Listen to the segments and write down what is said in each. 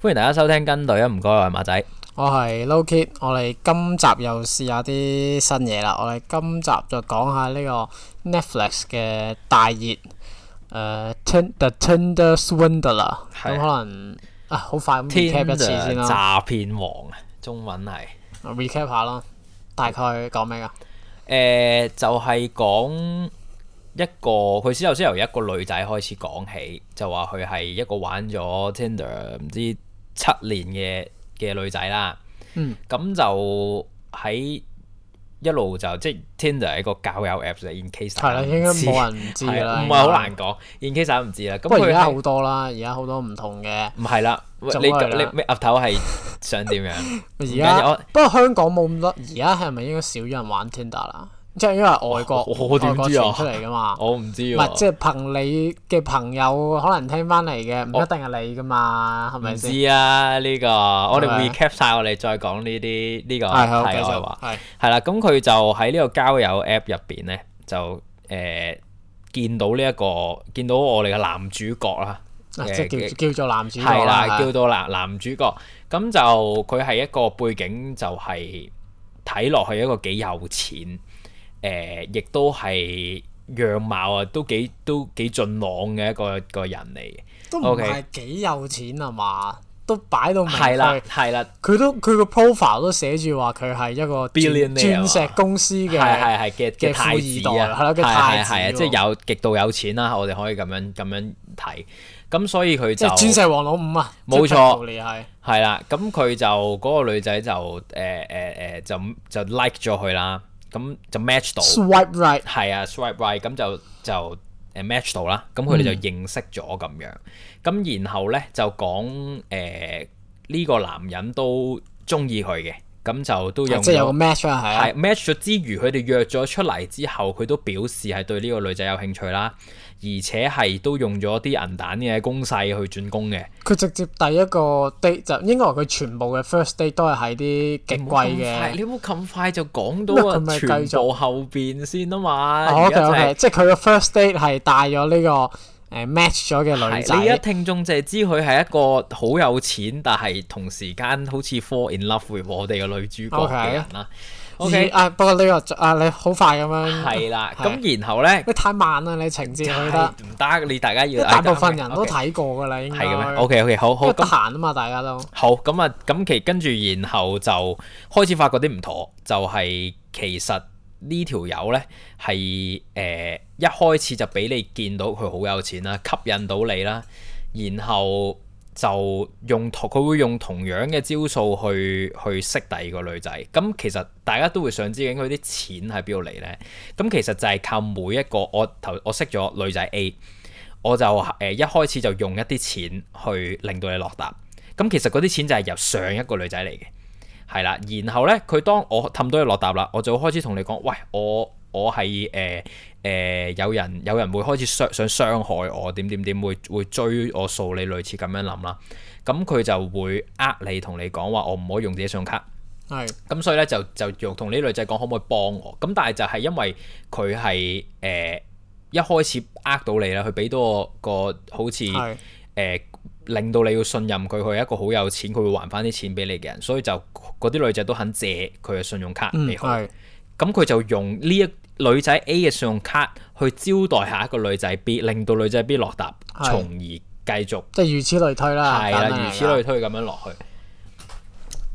歡迎大家收聽跟隊啊！唔該，我係馬仔，我係 Low Kid。我哋今集又試下啲新嘢啦。我哋今集就講下呢個 Netflix 嘅大熱誒，呃《The Tinder Swindler 的》啦。咁可能啊，好快咁 recap 一次先啦。詐騙王啊，中文係。我 recap 下啦。大概講咩啊，誒、呃、就係、是、講一個，佢先頭先由一個女仔開始講起，就話佢係一個玩咗 Tinder 唔知七年嘅嘅女仔啦。嗯，咁就喺。一路就即係 Tinder 係一個交友 apps 嚟 Incase 係啦，應該冇人唔知啦，唔係好難講，Incase 都唔知啦。咁不過而家好多啦，而家好多唔同嘅。唔係啦，你你你岌頭係想點樣？而家不過香港冇咁多，而家係咪應該少人玩 Tinder 啦？即係因為外國外國錢出嚟噶嘛，我唔知。唔係即係朋友嘅朋友，可能聽翻嚟嘅，唔一定係你噶嘛，係咪先？唔知啊呢個，我哋 recap 晒，我哋再講呢啲呢個就話係嘛，係係啦。咁佢就喺呢個交友 app 入邊咧，就誒見到呢一個見到我哋嘅男主角啦。即叫叫做男主角啦，叫做男男主角。咁就佢係一個背景，就係睇落去一個幾有錢。誒，亦都係樣貌啊，都幾都幾俊朗嘅一個個人嚟，都唔係幾有錢啊嘛，都擺到明佢係啦，佢都佢個 profile 都寫住話佢係一個鑽石公司嘅嘅富二代，係啦，嘅太係啊，即係有極度有錢啦，我哋可以咁樣咁樣睇，咁所以佢就鑽石王老五啊，冇錯，你係係啦，咁佢就嗰個女仔就誒誒誒就就 like 咗佢啦。咁就 match 到，Swipe right。係啊，swipe right，咁就就誒 match 到啦。咁佢哋就認識咗咁樣。咁、嗯、然後咧就講誒呢個男人都中意佢嘅，咁就都有即係有個 match 啊，對，係 match 咗之餘，佢哋、啊、約咗出嚟之後，佢都表示係對呢個女仔有興趣啦。而且係都用咗啲銀彈嘅攻勢去轉攻嘅。佢直接第一個 date 就應該話佢全部嘅 first date 都係喺啲勁貴嘅。你冇咁快，快就講到啊，全部後邊先啊嘛。Oh, OK o、okay. okay, okay. 即係佢嘅 first date 係帶咗呢、這個誒、呃、match 咗嘅女仔。你而家聽眾淨係知佢係一個好有錢，但係同時間好似 fall in love with 我哋嘅女主角嘅人 okay, okay. O.K.，啊，不過呢個啊，你好快咁樣。係啦，咁、嗯、然後咧。你太慢啦，你情節去得。唔得，你大家要。大部分人都睇過噶啦，應該 okay. 在。係嘅咩？O.K. O.K. 好好。得閒啊嘛，大家都。那好咁啊，咁其跟住然後就開始發覺啲唔妥，就係、是、其實呢條友咧係誒一開始就俾你見到佢好有錢啦，吸引到你啦，然後。就用同佢會用同樣嘅招數去去識第二個女仔，咁其實大家都會想知，究竟佢啲錢喺邊度嚟呢？咁其實就係靠每一個我頭我識咗女仔 A，我就誒、呃、一開始就用一啲錢去令到你落搭。咁其實嗰啲錢就係由上一個女仔嚟嘅，係啦。然後呢，佢當我氹到你落搭啦，我就開始同你講，喂，我我係誒。呃誒、呃、有人有人會開始想想傷害我點點點會會追我數你，你類似咁樣諗啦，咁佢就會呃你同你講話，我唔可以用自己信用卡，係咁是、嗯、所以咧就就用同啲女仔講可唔可以幫我？咁但係就係因為佢係誒一開始呃到你啦，佢俾多個個好似誒、呃、令到你要信任佢，佢係一個好有錢，佢會還翻啲錢俾你嘅人，所以就嗰啲女仔都肯借佢嘅信用卡俾佢，咁佢、嗯、就用呢一。女仔 A 嘅信用卡去招待一下一個女仔 B，令到女仔 B 落答，從是而繼續，即係如此類推啦。係啦、啊，如此類推咁樣落去。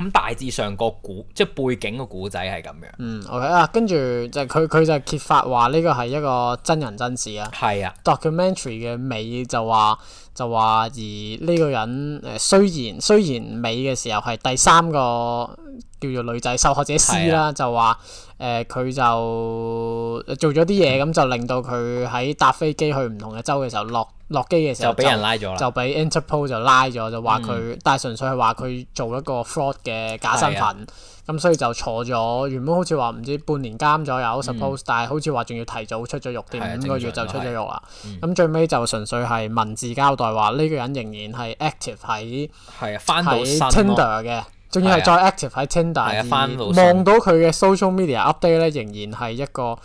咁大致上個古即係背景個古仔係咁樣。嗯，OK 啊，跟住就佢佢就揭發話呢個係一個真人真事啊。係啊。documentary 嘅尾就話就話，而呢個人誒雖然雖然美嘅時候係第三個叫做女仔受害者 C 啦、啊，啊、就話。誒佢就做咗啲嘢，咁就令到佢喺搭飛機去唔同嘅州嘅時候落落機嘅時候就俾人拉咗就俾 Interpol 就拉咗，就話佢，但係純粹係話佢做一個 fraud 嘅假身份，咁所以就坐咗原本好似話唔知半年監左右，suppose，但係好似話仲要提早出咗獄，定五個月就出咗獄啦。咁最尾就純粹係文字交代話呢個人仍然係 active 喺翻喺 Tinder 嘅。仲要係再 active 喺 Tinder 望到佢嘅 social media update 咧，仍然係一個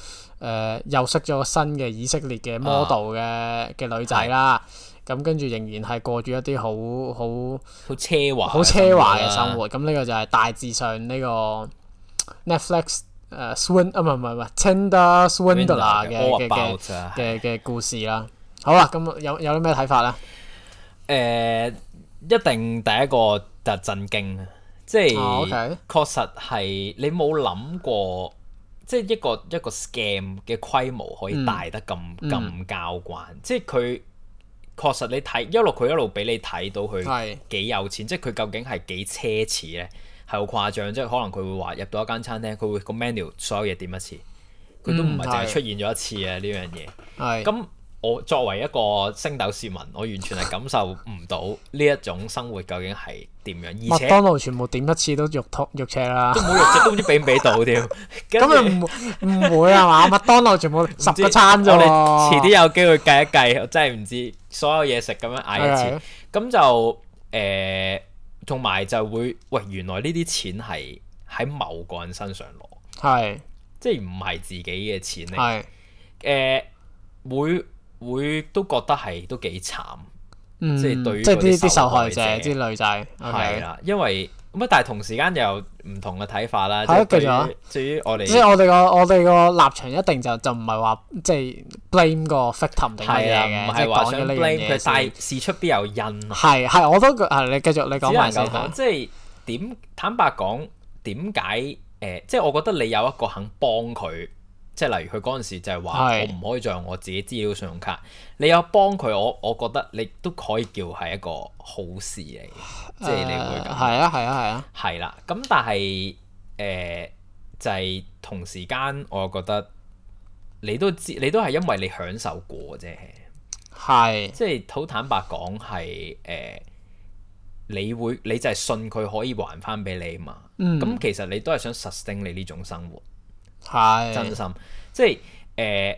誒，又識咗新嘅以色列嘅 m o model 嘅嘅女仔啦。咁跟住仍然係過住一啲好好好奢華、好奢華嘅生活。咁呢個就係大致上呢個 Netflix 誒 Swind 啊，唔係唔係唔係 Tinder Swindler 嘅嘅嘅嘅故事啦。好啊，咁有有啲咩睇法咧？誒，一定第一個就震驚即係 Okay. 確實係你冇諗過，即係一個一個 scam 嘅規模可以大得咁咁交關，嗯嗯、即係佢確實你睇一路佢一路俾你睇到佢係幾有錢，是即係佢究竟係幾奢侈咧，係好誇張，即係可能佢會話入到一間餐廳，佢會個 menu 所有嘢點一次，佢都唔係淨係出現咗一次啊呢、嗯、樣嘢，咁是。我作為一個升斗市民，我完全係感受唔到呢一種生活究竟係點樣。而且麥當勞全部點一次都肉肉赤啦，都冇肉赤，都唔知俾唔俾到添。咁又唔唔會啊嘛？ 麥當勞全部十個餐咋，你遲啲有機會計一計，真係唔知所有嘢食咁樣嗌一次，咁的就誒，同、呃、埋就會喂、呃，原來呢啲錢係喺某個人身上攞，係的即係唔係自己嘅錢嚟？係誒的、呃、會。會都覺得係都幾慘，嗯、即係對於即係啲啲受害者、嗯、受害者之女仔係啦，的 Okay. 因為咁的啊，但係同時間又有唔同嘅睇法啦。係，繼續。至於我哋，即係我哋個我哋個立場一定就就唔係話即係 blame 個 victim，係啊，唔係話想 blame 佢，但係事出必有因。係係，我都啊，你繼續你講埋先講。即係點坦白講，點解誒？即係我覺得你有一個肯幫佢。即係例如佢嗰陣時就係話我唔可以再用我自己資料、信用卡，是你有幫佢，我我覺得你都可以叫係一個好事嚟，即係唉你會咁。係啊，係啊，係啊，係啦。咁但係誒、呃、就係、是、同時間，我又覺得你都知，你都係因為你享受過啫，係是。即係好坦白講係誒，你會你就係信佢可以還翻俾你嘛？嗯，咁其實你都係想 sustain 你呢種生活。係是真心，即係誒，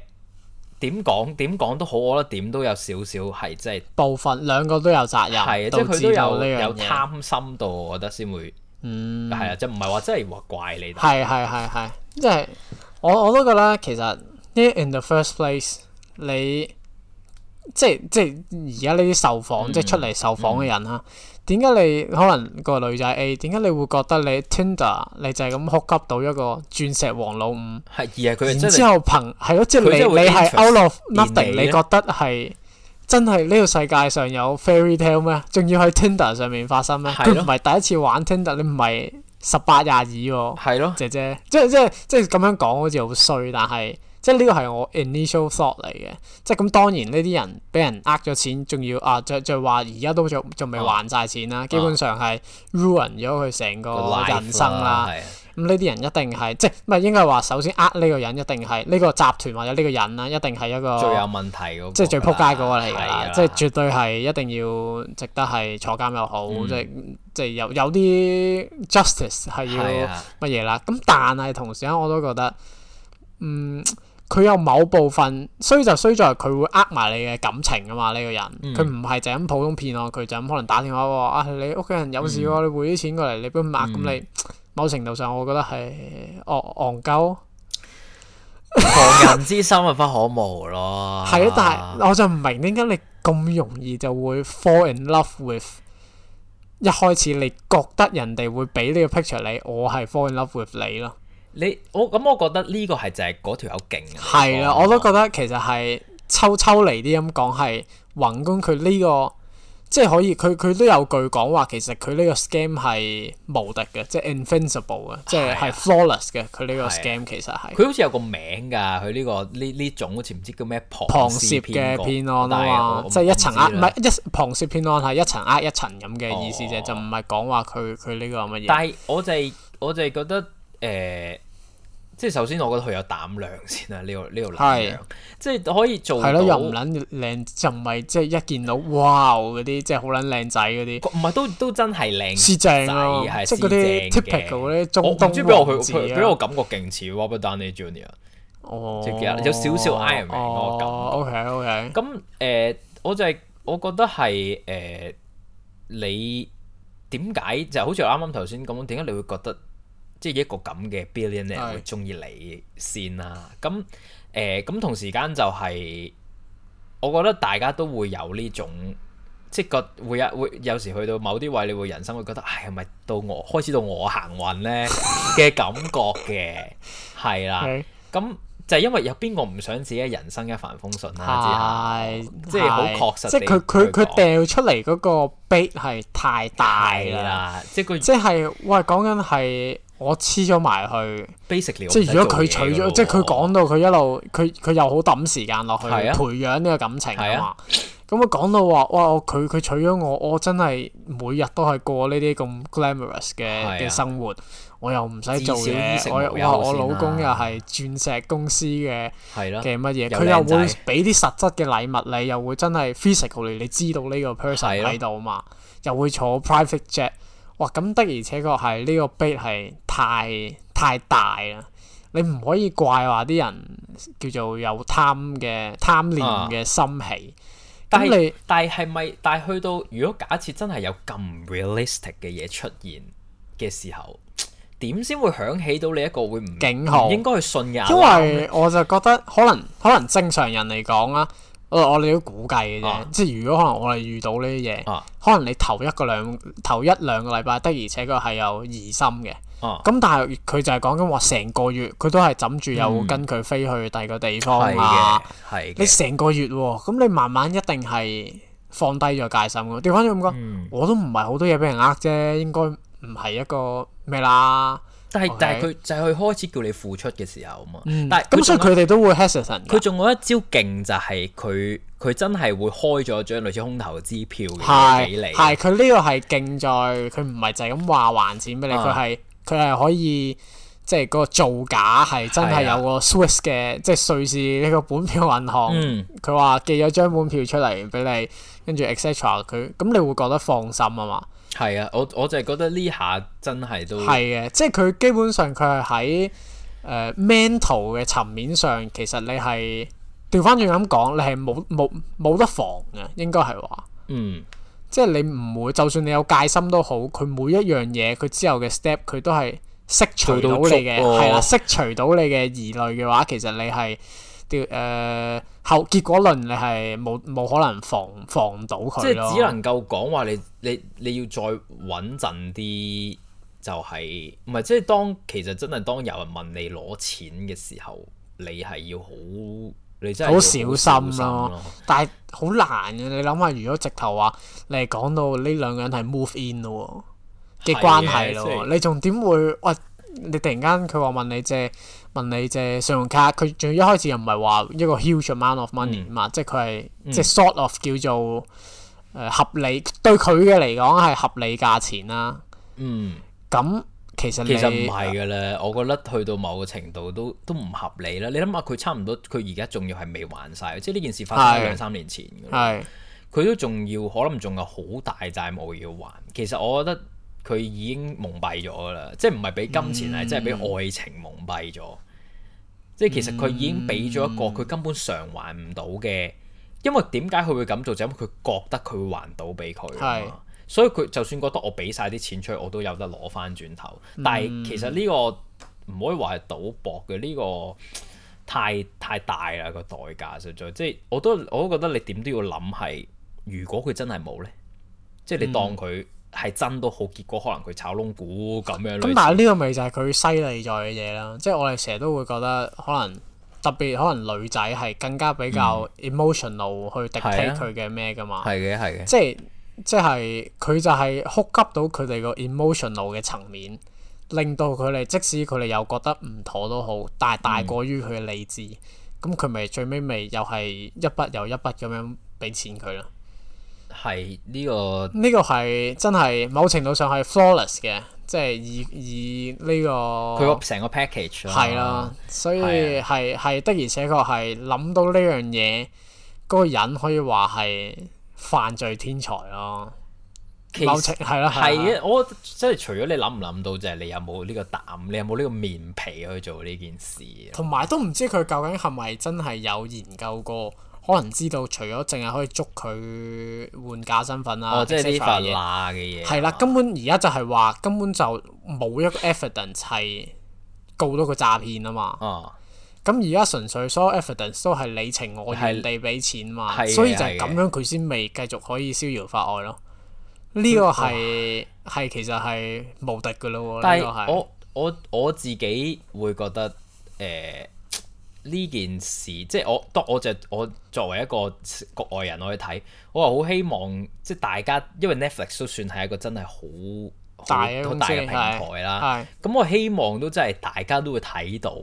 點講點講都好，我覺得點都有少少係即係部分，兩個都有責任，係即有呢個都有有貪心度，我覺得先會，嗯，係啊，即唔係話即係話怪你，係係係係，即係 我我都覺得其實，呢 in the first place 你。即係即係而家呢啲受訪，即係出嚟受訪嘅人啊。點解你可能個女仔 A？點解你會覺得你 Tinder 你就係咁呼吸到一個鑽石王老五？係而係佢然之後憑係咯，即係你你係 out of nothing，你覺得係真係呢個世界上有 fairy tale 咩？仲要喺 Tinder 上面發生咩？佢唔係第一次玩 Tinder，你唔係十八廿二喎？係咯，姐姐，即係即係即係咁樣講，好似好衰，但係。即係呢個係我 initial thought 嚟嘅，即係咁當然呢啲人俾人呃咗錢，仲要啊，就就話而家都仲仲未還晒錢啦，啊、基本上係 ruin 咗佢成個人生啦。咁呢啲人一定係即係唔係應該話首先呃呢個人一定係呢個集團或者呢個人啦，一定係一個即係最撲街嗰個嚟噶啦，即係絕對係一定要值得係坐監又好，即係即係有有啲 justice 係要乜嘢啦。咁的但係同時我都覺得，嗯。佢有某部分衰就衰在佢會呃埋你嘅感情啊嘛，呢個人，佢唔係就咁普通騙我，佢就咁可能打電話話，啊，你屋企人有事啊，嗯、你匯啲錢過嚟，你俾佢抹咁你。某程度上，我覺得係惡戇鳩。防人之心不可無咯。係啊， 但係我就唔明點解你咁容易就會 fall in love with。一開始你覺得人哋會俾呢個 picture 你，我係 fall in love with 你咯。你我咁，我覺得呢個係就係嗰條友勁啊！係啦，我都覺得其實係抽抽嚟啲咁講，係宏觀佢呢個即係可以，佢佢都有句講話，其實佢呢個 scam 係無敵嘅，即係 invincible 嘅，啊、即係係 flawless 嘅。佢呢個 scam 其實係佢、啊、好似有個名㗎，佢呢、呢個呢呢種好似唔知叫咩龐氏嘅騙案啊，即係一層壓，唔係一龐氏騙案，係一層壓、啊、一層咁、啊、嘅、啊啊、意思、哦、說說就就唔係講話佢佢呢個乜嘢？但係我就我就覺得誒。呃即係首先，我覺得佢有膽量先啦。呢個呢個男，係即係可以做係咯，又唔撚靚，就唔係即係一見到哇嗰啲，即係好撚靚仔嗰啲。唔係都都真係靚，似正咯，即係嗰啲 typical 嗰啲。我唔知俾我佢佢俾我感覺勁似 Robert Downey Jr. 哦，有少少 Iron Man 嗰個感覺。OK OK。咁誒，我就係我覺得係誒，你點解就好似我啱啱頭先咁？點解你會覺得？即係一個咁嘅 billionaire 會中意你先啦。咁誒，咁同時間就係我覺得大家都會有呢種，即係個會有會有時去到某啲位，你會人生會覺得，唉，係咪到我開始到我行運咧嘅感覺嘅？係啦。咁就係因為有邊個唔想自己人生一帆風順呀？係，即係好確實。即係佢佢佢掉出嚟嗰個 bait 係太大啦。即係即係喂，講緊係。我黐咗埋去，即係如果佢娶咗，即係佢講到佢一路，佢佢又好抌時間落去培養呢個感情啊嘛。咁啊講到話，哇！佢佢娶咗我，我真係每日都係過呢啲咁 glamorous 嘅嘅生活，我又唔使做嘢，我老公又係鑽石公司嘅嘅乜嘢，佢又會俾啲實質嘅禮物你，又會真係 physical 嚟，你知道呢個 person 喺度啊嘛，又會坐 private jet。哇，咁的而且確係呢個 bit 係太太大啦！你唔可以怪話啲人叫做有貪嘅貪念嘅心氣。咁、啊、你但係咪？但係去到如果假設真係有咁 realistic 嘅嘢出現嘅時候，點先會響起到你一個會唔驚應該去信任？好因為我就覺得可能可能正常人嚟講啦。我我你都估計嘅啫，啊、即係如果可能我哋遇到呢啲嘢，啊、可能你頭一個兩頭一兩個禮拜得，而且佢係有疑心嘅。咁、啊、但係佢就係講緊話，成個月佢都係枕住有跟佢飛去第二個地方啊。嗯、你成個月喎、哦，咁你慢慢一定係放低咗戒心。調翻轉咁講，嗯、我都唔係好多嘢俾人呃啫，應該唔係一個咩啦。但係佢就係佢開始叫你付出嘅時候啊嘛。嗯、但係咁，所以佢哋都會 hassle 人。佢仲有一招勁就，就係佢佢真係會開咗張類似空頭支票嘅俾是你。係佢呢個係勁在，佢唔係就係咁話還錢俾你，佢係佢係可以即係嗰個造假係真係有個、啊、Swiss 嘅，即、就、係、是、瑞士呢個本票銀行。佢話、嗯、寄咗張本票出嚟俾你，跟住 etc. 佢咁，你會覺得放心啊嘛。係啊，我我就係覺得呢下真係都係嘅，即係佢基本上佢係喺誒 mental 嘅層面上，其實你係調返轉咁講，你係冇冇冇得防嘅，應該係話，嗯，即係你唔會，就算你有戒心都好，佢每一樣嘢，佢之後嘅 step，佢都係釋除到你嘅，係啦，釋、哦、除到你嘅疑慮嘅話，其實你係。掉誒、嗯、後結果論，你係冇冇可能防防到佢，即係只能夠講話你你你，你要再穩陣啲，就係唔係即係當其實真係當有人問你攞錢嘅時候，你係要好你真係好小心咯、啊。心啊、但係好難嘅，你諗下，如果直頭話你係講到呢兩個人係 move in 咯嘅關係咯，就係、你仲點會喂、哎、你突然間佢話問你借？問你借信用卡，佢仲一開始又唔係話一個 huge amount of money 嘛、嗯？即係佢係即係 sort of 叫做誒、呃、合理，對佢嘅嚟講係合理價錢啦。嗯，咁其實其實唔係㗎喇，我覺得去到某個程度都都唔合理啦。你諗下，佢差唔多，佢而家仲要係未還晒。即係呢件事發生喺兩三年前㗎佢是都仲要，可能仲有好大債務要還。其實我覺得。佢已經蒙蔽咗啦，即係唔係俾金錢，係真係俾愛情蒙蔽咗。嗯、即係其實佢已經俾咗一個佢根本償還唔到嘅，因為點解佢會咁做？就因為佢覺得佢會還到俾佢啊。所以佢就算覺得我俾晒啲錢出去，我都有得攞翻轉頭。但係其實呢個唔可以話係賭博嘅，呢、呢個太太大啦個代價實在。即係我都我都覺得你點都要諗係，如果佢真係冇咧，即係你當佢。嗯係真都好，結果可能佢炒窿股咁樣。咁但係呢個咪就係佢犀利在嘅嘢啦。即係我哋成日都會覺得，可能特別可能女仔係更加比較 emotional、嗯、去敵佢嘅咩㗎嘛。係嘅，係嘅。即係即係佢就係哭急到佢哋個 emotional 嘅層面，令到佢哋即使佢哋又覺得唔妥都好，但係大過於佢嘅理智。咁佢咪最尾咪又係一筆又一筆咁樣俾錢佢咯。係呢個呢個係真係某程度上係 flawless 嘅，即係以以呢個佢成個 package 咯。係啦，所以係係的而且確係諗到呢樣嘢，嗰個人可以話係犯罪天才咯。其實某程度係啦，係嘅。我即係除咗你諗唔諗到，就係你有冇呢個膽？你有冇呢個面皮去做呢件事？同埋都唔知佢究竟係咪真係有研究過？可能知道除咗淨係可以捉佢換假身份啊，或者係啲非法嘅嘢，係啦，根本而家就係話根本就冇一個 evidence 係告到佢詐騙啊嘛。咁而家純粹所有 evidence 都係你情我願地俾錢嘛，所以就係咁樣佢先未繼續可以逍遙法外咯。呢、呢個係係哇其實係無敵㗎咯喎，呢但是 個係。我我我自己會覺得誒。呃呢件事即係我，我就我作為一個局外人我去睇，我係好希望即係大家，因為 Netflix 都算係一個真係好好大嘅、啊、平台啦。咁我希望都真係大家都會睇到。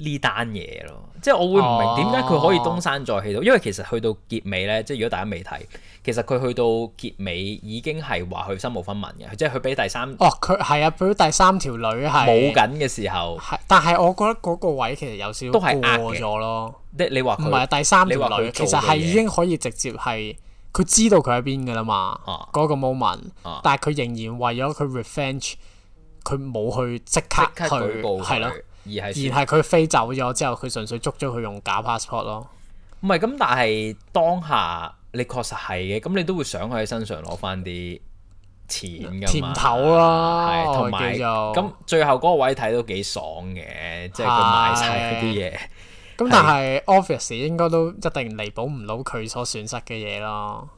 呢單嘢咯，即係我會唔明點解佢可以東山再起到，啊、因為其實去到結尾咧，即係如果大家未睇，其實佢去到結尾已經係話佢身無分文嘅，即係佢俾第三哦，佢係啊，俾咗第三條女係冇緊嘅時候，但係我覺得嗰個位其實有少少都係過咗咯，即你話佢係第三條女，其實係已經可以直接係佢知道佢喺邊㗎啦嘛，嗰、啊、個 moment，、啊、但係佢仍然為咗佢 revenge，佢冇去即刻去係咯。而係而係佢飛走咗之後，佢純粹捉咗佢用假 passport 咯。唔係咁，但係當下你確實係嘅，咁你都會想喺身上攞翻啲錢㗎嘛？甜頭咯，係，同埋咁最後嗰個位睇都幾爽嘅，即係佢買晒嗰啲嘢。咁但係，office 應該都一定彌補唔到佢所損失嘅嘢咯。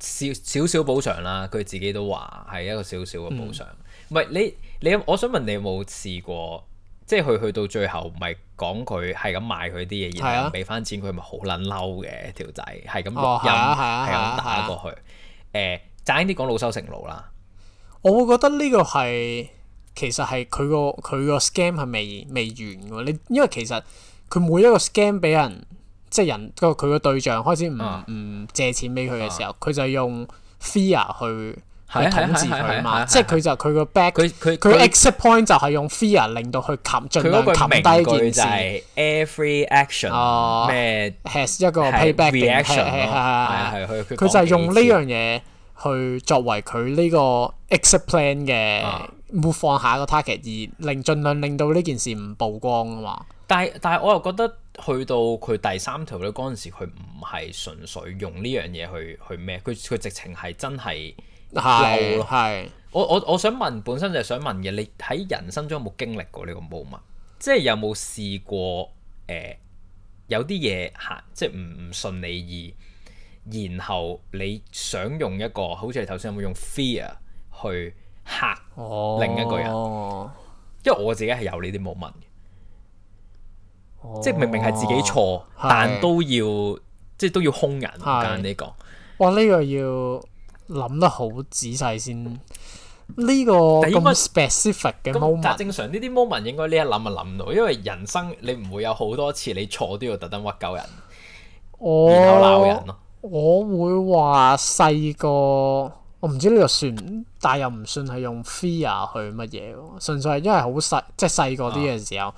少少少補償啦，佢自己都話係一個少少嘅補償。唔係、嗯、你你，我想問你有冇試過？即係佢去到最後，唔係講佢係咁賣佢啲嘢，然後俾翻錢佢，咪好撚嬲嘅條仔，係咁錄咁、哦啊啊、打過去。誒、啊，爭啲講老羞成怒啦。我會覺得呢個係其實係佢個佢個 scam 係未未完㗎。你因為其實佢每一個 scam 俾人即係人個佢個對象開始唔唔、嗯、借錢俾佢嘅時候，佢、嗯、就用 fear 去。係統治佢嘛， 即係佢就佢個 back 佢佢佢 exit point 就係用 fear 令到去冚，儘量冚低件事。句句 Every action 哦、啊，咩麼 has 一個 payback 嘅 reaction 咯。係係係佢就係用呢樣嘢去作為佢呢個 exit plan 嘅 move 放下一個 target，而令儘量令到呢件事唔曝光啊嘛。但係但係我又覺得去到佢第三條咧，嗰陣時佢唔係純粹用呢樣嘢去去咩，佢佢直情係真係。係，我我我想問，本身就係想問嘅，你喺人生中有冇經歷過呢個 n t 即係有冇試過？誒、呃，有啲嘢行，即係唔唔順你意，然後你想用一個好似你頭先有冇用 fear 去吓、哦、另一個人？因為我自己係有呢啲 m m o 母物嘅，哦、即係明明係自己錯，哦、但都要即係都要空人。咁呢你講，這個、哇、呢、這個要。諗得好仔細先，呢、這個咁 specific 嘅 moment，正常呢啲 moment 應該呢一諗就諗到，因為人生你唔會有好多次你錯都要特登屈救人，我然後鬧人咯。我會話細個，我唔知呢個算，但又唔算係用 fear 去乜嘢，純粹係因為好細，即係細個啲嘅時候，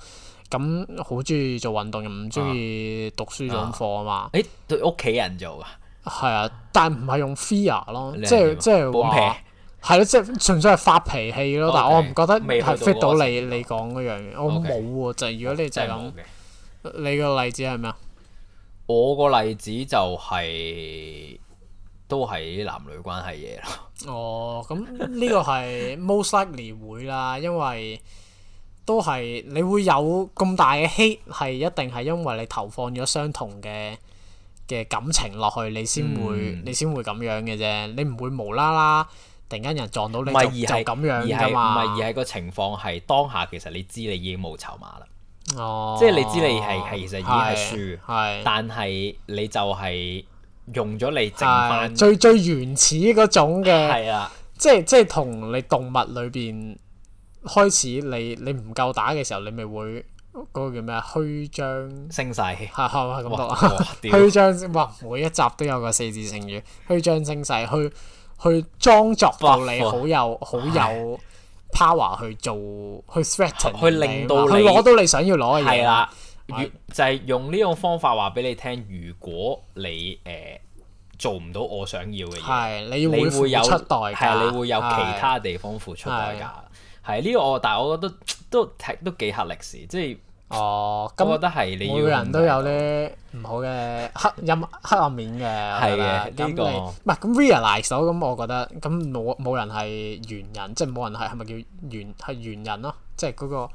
咁好中意做運動又唔中意讀書種課啊嘛。誒、啊，對屋企人做噶。係啊，但唔係用 fear 咯，即係即係話係咯，即係純粹係發脾氣咯。但係我唔覺得係 fit 到你你講嗰樣嘢，okay, 我冇喎。就如果你就咁，嗯、你個例子係咩啊？我個例子就係、是、都係男女關係嘢咯。哦，咁呢個係 most likely 會啦，因為都係你會有咁大嘅 hate 係一定係因為你投放咗相同嘅。嘅感情落去，你先會，嗯、你先會咁樣嘅啫。你唔會無啦啦，突然間人撞到你就係就咁樣噶嘛。唔係，而係個情況係當下，其實你知你已經冇籌碼啦。哦，即係你知你係係其實已經係輸。係，但係你就係用咗你剩翻最最原始嗰種嘅。係啊，即係即係同你動物裏邊開始你，你你唔夠打嘅時候，你咪會。嗰個叫咩啊？虛張聲勢，係係咪虛張哇，每一集都有個四字成語，虛張聲勢，虛去裝作到你好有好有 power 去做，去 threaten，去，去令到你，攞到你想要攞嘅嘢。係啦的，就係用呢種方法話俾你聽，如果你誒做唔到我想要嘅嘢，係你會付出代價，你會有其他地方付出代價。係呢個我，但係我覺得都都幾黑歷史，即係、哦嗯、我覺得係你要每個人都有啲唔好嘅黑陰黑，黑暗面嘅，係嘅。咁你唔係咁 realize 咗？咁、嗯、我覺得咁冇冇人係完人，即係冇人係係咪叫完？係完人咯？即係嗰、那個嗰、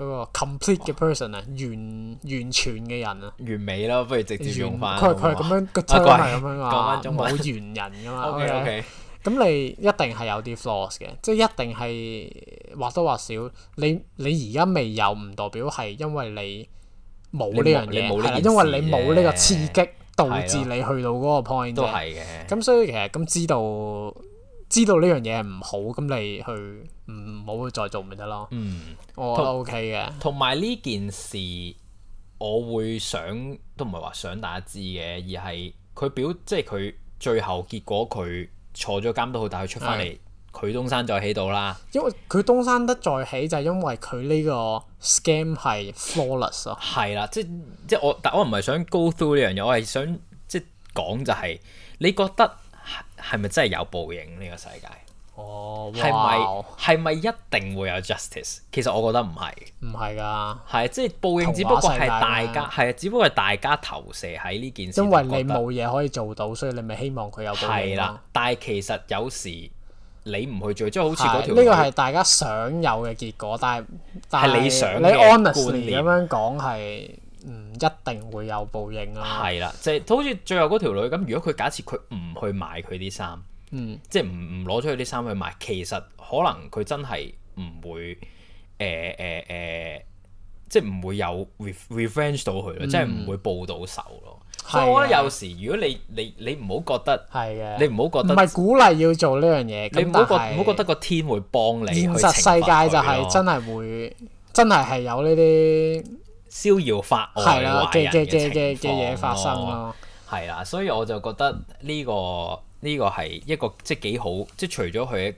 那個 complete 嘅 person 啊哇，完完全嘅人啊，完美咯，不如直接用翻佢啊！佢佢咁樣個嘴係咁樣啊，冇完人㗎嘛？O K O K。 okay, okay. 咁你一定係有啲 flaws 嘅，即係一定係或多或少。你你而家未有，唔代表係因為你冇呢樣嘢，係因為你冇呢個刺激，導致你去到嗰個 point。都係嘅。咁所以其實咁知道知道呢樣嘢唔好，咁你去唔好去再做咪得咯。嗯，我覺得 OK 嘅。同埋呢件事，我會想都唔係話想大家知嘅，而係佢表即係佢最後結果佢。坐咗監都好，帶佢出翻嚟，佢東、嗯、山再起到啦。因為佢東山得再起，就係因為佢呢個 scam 係 flawless 咯。係啦，即即我，但我唔係想 go through 呢樣嘢，我係想即講就係、是，你覺得係咪真係有報應呢個世界？哦，係咪係咪一定會有 justice？其實我覺得唔係，唔係㗎，係即係報應，只不過係大家係啊，只不過係大家投射喺呢件事。因為你冇嘢可以做到，所以你咪希望佢有報應咯。係啦，但係其實有時你唔去做，即係好似嗰條女，呢個係大家想有嘅結果，但係但係你想你 honestly 咁樣講係唔一定會有報應啦。係啦，即係好似最後嗰條女咁，如果佢假設佢唔去買佢啲衫。嗯、欸欸欸，即係唔唔攞出去啲衫去賣，其實可能佢真係唔會，誒誒誒，即係唔會有 revenge 到佢咯，即係唔會報到仇咯。所以、啊 so, 我覺得有時如果你你你唔好覺得，係嘅、啊，你唔好覺得，唔係鼓勵要做呢樣嘢，你唔好覺唔好覺得，覺得個天會幫你。現實世界就係真係會，真係係有呢啲逍遙法外嘅人嘅情況咯、啊。係啦，所以我就覺得呢個。呢個係一個即係幾好，即係除咗佢，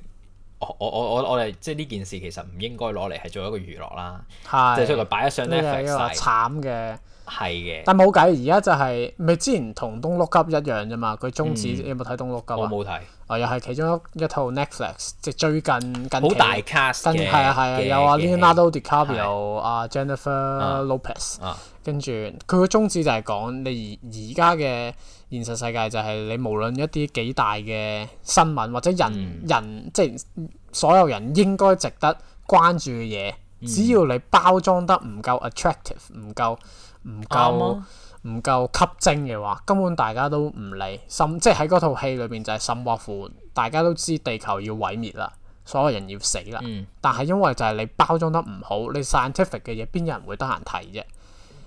我我我我哋即係呢件事其實唔應該攞嚟係做一個娛樂啦，即係出嚟擺一相。Netflix 係嘅，是但冇計。而家就係、是、咪之前同《Don't Look Up》一樣啫嘛？佢宗旨有冇睇《Don't Look Up》？我冇睇，哦，又係其中一套 Netflix，即係最近近大近期，新嘅的，係啊係啊，有啊 Leonardo DiCaprio 有啊是的、uh, Jennifer Lopez，跟住佢個宗旨就係講你而而家嘅現實世界就係你無論一啲幾大嘅新聞或者人、嗯、人即係所有人應該值得關注嘅嘢，只要你包裝得唔夠 attractive，唔夠。唔夠唔夠吸睛嘅話，根本大家都唔理。甚即係喺套戲裏邊就係甚或乎，大家都知地球要毀滅啦，所有人要死啦。嗯、但係因為就係你包裝得唔好，你 scientific 嘅嘢邊有人會得閒睇啫。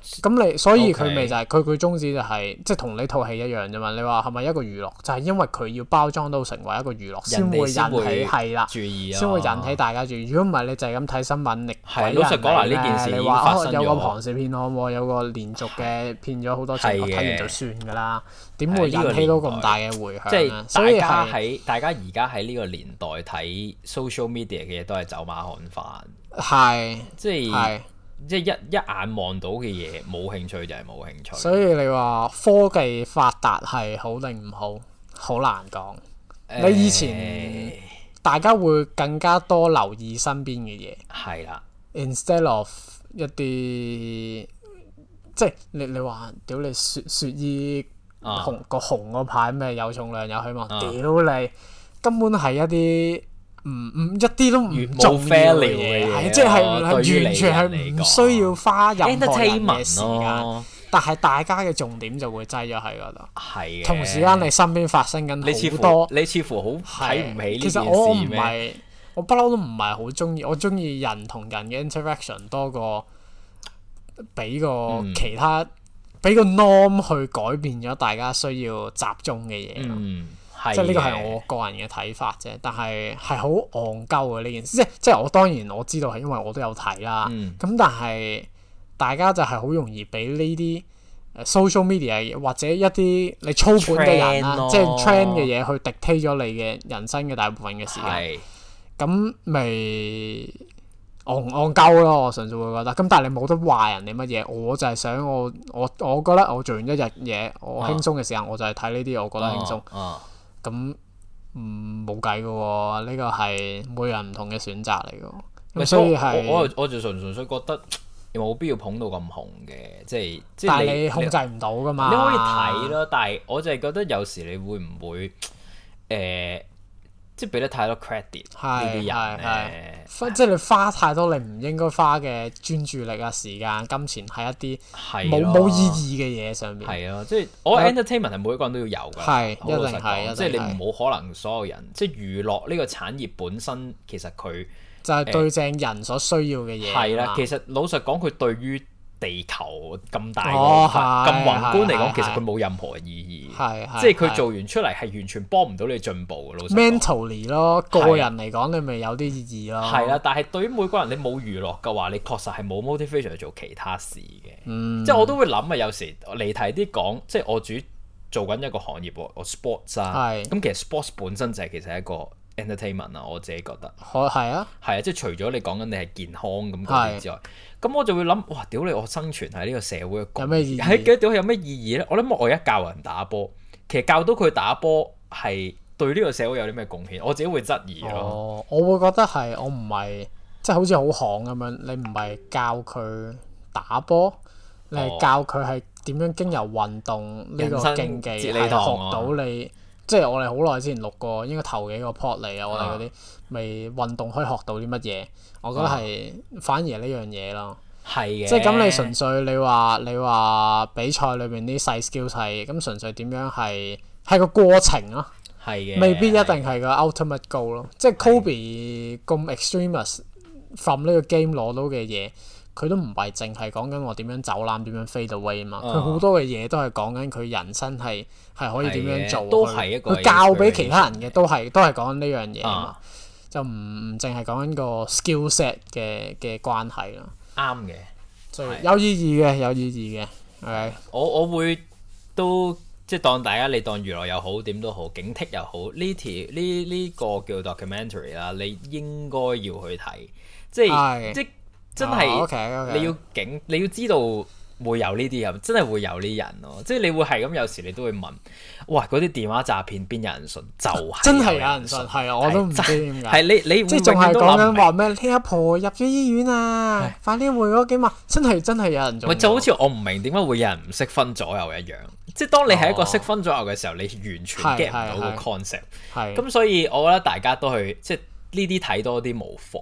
咁你所以佢咪就係佢佢宗旨就係即係同你套戲一樣啫嘛？你話係咪一個娛樂？就係因為佢要包裝到成為一個娛樂，先會引起注意，先會引起大家注意。如果唔係，你就係咁睇新聞，你鬼人哋咧。你話哦，有個龐氏騙案，有個連續嘅騙咗好多錢，睇完就算噶啦。點會引起到咁大嘅回響？即係所以喺大家而家喺呢個年代睇 social media 嘅嘢都係走馬看花。係，即係。即係一一眼望到嘅嘢，冇興趣就係冇興趣。所以你話科技發達係好定唔好，好難講。欸、你以前大家會更加多留意身邊嘅嘢。係啦的，instead of 一啲即係你你話屌你，你雪雪衣、嗯、紅個紅嗰牌咩有重量有希望，屌、嗯、你根本係一啲。唔唔、嗯、一啲都唔重要嘅嘢，即係是係完全係唔需要花任何嘅時間。entertainment 但係大家嘅重點就會擠咗喺嗰度。係的同時間你身邊發生緊好多你，你似乎好睇唔起。其實我唔係，我不嬲都唔係好中意，我中意人同人嘅 interaction 多過俾個其他俾、嗯、個 norm 去改變咗大家需要集中嘅嘢。嗯即係呢個係我個人嘅睇法啫，但係係好戇鳩嘅呢件事，即係即係我當然我知道係因為我都有睇啦。咁、嗯、但係大家就係好容易俾呢啲 social media 或者一啲你操盤嘅人啦，trend 啊、即係 trend 嘅嘢去 dictate 咗你嘅人生嘅大部分嘅時間。咁咪戇戇鳩咯，我純粹、嗯、會覺得。咁但係你冇得話人哋乜嘢，我就係想我我我覺得我做完一日嘢，我輕鬆嘅時間、啊、我就係睇呢啲，我覺得輕鬆。啊啊咁嗯，冇計嘅喎，呢個係每人唔同嘅選擇嚟嘅。所以係，我我就純純粹覺得冇必要捧到咁紅嘅，即係即係。你控制唔到㗎嘛？你可以睇咯，但係我就係覺得有時你會唔會誒？呃即係俾得太多 credit 呢啲人,即係你花太多你唔應該花嘅專注力啊、時間、金錢，喺一啲冇冇意義嘅嘢上面。係啊，即係我 entertainment 係每一個人都要有㗎，係一定係，即係你唔好可能所有人，即係娛樂呢個產業本身，其實佢就係對正人所需要嘅嘢。係啦，其實老實講，佢對於地球咁大，咁、哦、宏觀嚟講，其實佢冇任何意義，即係佢做完出嚟係完全幫唔到你進步嘅。老實講，mentally 咯，個人嚟講是，你咪有啲意義咯。係啦，但係對於每個人，你冇娛樂嘅話，你確實係冇 motivation 去做其他事嘅。嗯、即係我都會諗啊。有時離題啲講，即係我主做緊一個行業，我 sports 啊是，咁其實 sports 本身就係其實係一個。entertainment 啊，我自己覺得，係、哦、啊，係啊，即係除咗你講緊你係健康咁嗰啲是之外，咁我就會諗，哇，屌你，我生存喺呢個社會有咩意義？係，屌你有咩意義咧？我諗我一教人打波，其實教到佢打波係對呢個社會有啲咩貢獻？我自己會質疑咯、哦。我會覺得係我唔係即係好似好行咁樣，你唔係教佢打波，哦、你係教佢係點樣經由運動呢個競技係、啊、學到你。即係我哋好耐之前錄過，應該頭幾個 part 嚟啊，我哋嗰啲未運動可以學到啲乜嘢？Yeah. 我覺得係反而呢樣嘢咯。的即係咁，你純粹你話你話比賽裏邊啲細 skills 係咁純粹點樣係係個過程咯。的未必一定係個 ultimate goal 咯。的即係 Kobe 咁 extremis from 呢個 game 攞到嘅嘢。佢都唔係淨係講緊我點樣走攬，點樣飛到威啊嘛！佢好多嘅嘢都係講緊佢人生係係可以點樣做都啊！係一個佢、嗯、教俾其他人嘅都係都係講呢樣嘢啊！就唔唔淨係講緊個 skill set 嘅嘅關係咯。啱嘅，有意義嘅，有意義嘅。我我會都即係當大家你當娛樂又好，點都好，警惕又好呢條呢呢個叫 documentary 啦，你應該要去睇，即係即。真係你要警，你要知道會有呢啲人，真係會有呢人咯。即係你會係咁，有時你都會問，哇，嗰啲電話詐騙邊有人信？就係 真係有人信，係啊，我都唔知點解。係真的 你你即係仲係講緊話咩？你阿婆入咗醫院啊，是快啲匯咗，啊、幾萬！真係真係有人。喂，就好似我唔明點解會有人唔識分左右一樣。即係當你係一個識分左右嘅時候，你完全 get 唔到個 concept。係。咁所以我覺得大家都去即係呢啲睇多啲冇妨。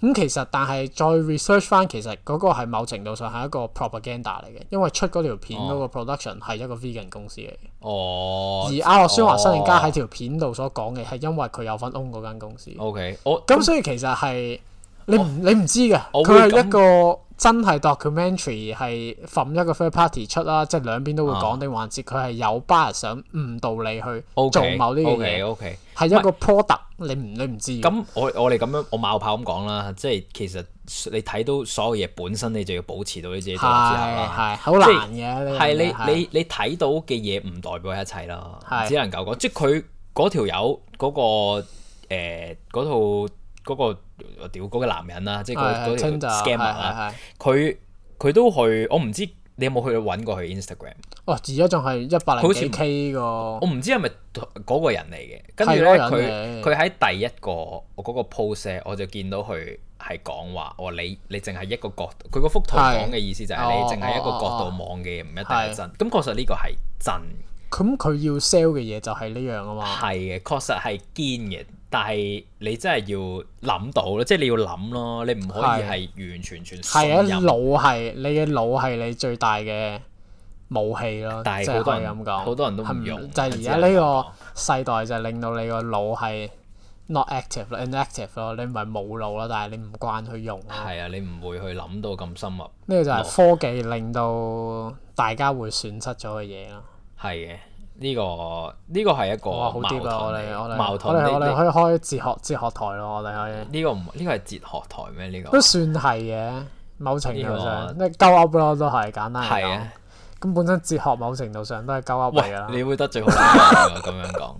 咁其實，但係再 research 返，其實嗰個係某程度上係一個 propaganda 嚟嘅，因為出嗰條片嗰個 production 係、哦、一個 vegan 公司嚟嘅、哦。哦，而阿諾舒華辛力加喺條片度所講嘅係因為佢有份 own 嗰間公司。OK，咁所以其實係。你唔你唔知嘅，佢係一個真係 documentary，係揈一個 third party 出啦，即係兩邊都會講定環節，佢係有 bias 想誤導你去做某啲嘢。OK OK OK 係一個 product，是你唔你唔知。咁我我哋咁樣我馬後炮咁講啦，即係其實你睇到所有嘢本身，你就要保持到你自己獨立思考啦，係係好難嘅，係是你你你睇到嘅嘢唔代表一切咯，的只能夠講即係佢嗰條友嗰個嗰套。嗰個屌嗰個男人啦，即係嗰嗰 scammer 啦，佢佢都去，我唔知你有冇去揾過佢 Instagram、哦。哇，而家仲係一百零幾 K 個。我唔知係咪嗰個人嚟嘅？跟住咧佢佢喺第一個嗰、嗰個 post，我就見到佢係講話，我你你淨係一個角，佢嗰幅圖講嘅意思就係你淨係一個角度望嘅嘢，唔一定係真。咁、哦哦哦、確實呢個係真。咁佢要 sell 嘅嘢就係呢樣啊嘛。係嘅，確實係堅嘅。但係你真係要諗到咯，即係你要諗咯，你唔可以係完全全信任。係啊，腦係你嘅腦係你最大嘅武器咯。但係好多人咁講，好多人都唔用。就係而家呢個世代就係令到你個腦係 not active 啦，inactive 咯。你唔係冇腦啦，但係你唔慣去用咯。係啊，你唔會去諗到咁深入。呢個就係科技令到大家會損失咗嘅嘢咯。係嘅。呢個呢個係一個矛盾。矛盾，我哋我哋我哋可以開哲學哲學台咯。我哋可以，呢個唔呢個係哲學台咩？呢個都算係嘅。某程度上，即係鳩噏咯，都係簡單嘅。咁本身哲學某程度上都係鳩噏嚟㗎啦。你會得罪我咁樣講。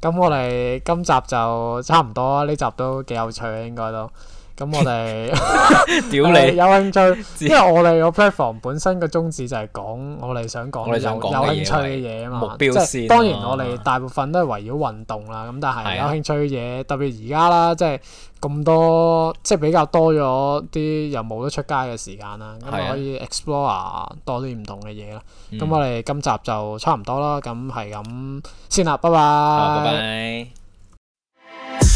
咁我哋今集就差唔多。呢集都幾有趣，應該都。咁我哋屌你有興趣，因為我哋個 platform 本身個宗旨就係講我哋想講我哋想講嘅有興趣嘅嘢嘛。目標先、啊。當然我哋大部分都係圍繞運動啦，咁但係有興趣嘅嘢，啊、特別而家啦，即係咁多即係比較多咗啲又冇得出街嘅時間啦，咁可以 explore 多啲唔同嘅嘢啦。咁、嗯、我哋今集就差唔多啦，咁係咁先啦，拜拜。好，拜拜。